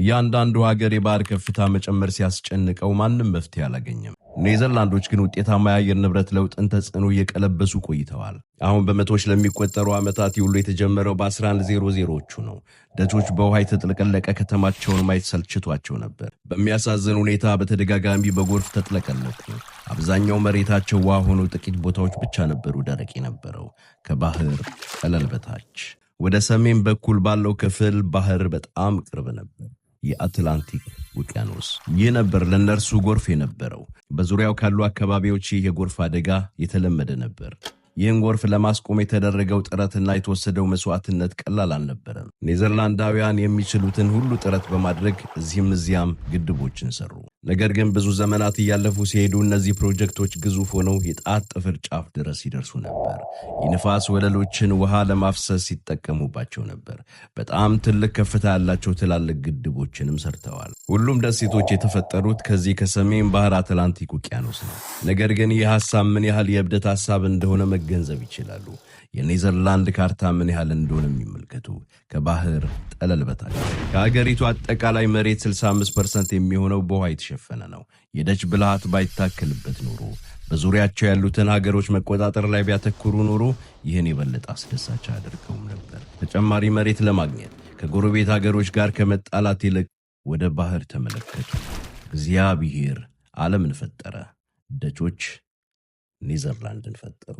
እያንዳንዱ ሀገር የባህር ከፍታ መጨመር ሲያስጨንቀው ማንም መፍትሄ አላገኘም። ኔዘርላንዶች ግን ውጤታማ የአየር ንብረት ለውጥን ተጽዕኖ እየቀለበሱ ቆይተዋል። አሁን በመቶዎች ለሚቆጠሩ ዓመታት ይውሎ የተጀመረው በ1100ዎቹ ነው። ደቾች በውሃ የተጥለቀለቀ ከተማቸውን ማየት ሰልችቷቸው ነበር። በሚያሳዝን ሁኔታ በተደጋጋሚ በጎርፍ ተጥለቀለቁ። አብዛኛው መሬታቸው ውሃ ሆኖ ጥቂት ቦታዎች ብቻ ነበሩ ደረቅ የነበረው ከባህር ጠለል በታች። ወደ ሰሜን በኩል ባለው ክፍል ባህር በጣም ቅርብ ነበር። የአትላንቲክ ውቅያኖስ። ይህ ነበር ለእነርሱ ጎርፍ የነበረው። በዙሪያው ካሉ አካባቢዎች ይህ የጎርፍ አደጋ የተለመደ ነበር። ይህን ጎርፍ ለማስቆም የተደረገው ጥረትና የተወሰደው መስዋዕትነት ቀላል አልነበረም። ኔዘርላንዳውያን የሚችሉትን ሁሉ ጥረት በማድረግ እዚህም እዚያም ግድቦችን ሰሩ። ነገር ግን ብዙ ዘመናት እያለፉ ሲሄዱ እነዚህ ፕሮጀክቶች ግዙፍ ሆነው የጣት ጥፍር ጫፍ ድረስ ይደርሱ ነበር። የንፋስ ወለሎችን ውሃ ለማፍሰስ ይጠቀሙባቸው ነበር። በጣም ትልቅ ከፍታ ያላቸው ትላልቅ ግድቦችንም ሰርተዋል። ሁሉም ደሴቶች የተፈጠሩት ከዚህ ከሰሜን ባህር አትላንቲክ ውቅያኖስ ነው። ነገር ግን ይህ ሀሳብ ምን ያህል የእብደት ሀሳብ እንደሆነ መገንዘብ ይችላሉ። የኔዘርላንድ ካርታ ምን ያህል እንደሆነ የሚመልከቱ ከባህር ጠለል በታች ከአገሪቱ አጠቃላይ መሬት 65 ፐርሰንት የሚሆነው በውሃ የተሸፈነ ነው። የደች ብልሃት ባይታከልበት ኖሮ በዙሪያቸው ያሉትን ሀገሮች መቆጣጠር ላይ ቢያተኩሩ ኖሮ ይህን የበለጠ አስደሳች አድርገውም ነበር። ተጨማሪ መሬት ለማግኘት ከጎረቤት ሀገሮች ጋር ከመጣላት ይልቅ ወደ ባህር ተመለከቱ። እግዚአብሔር ዓለምን ፈጠረ፣ ደቾች ኔዘርላንድን ፈጠሩ።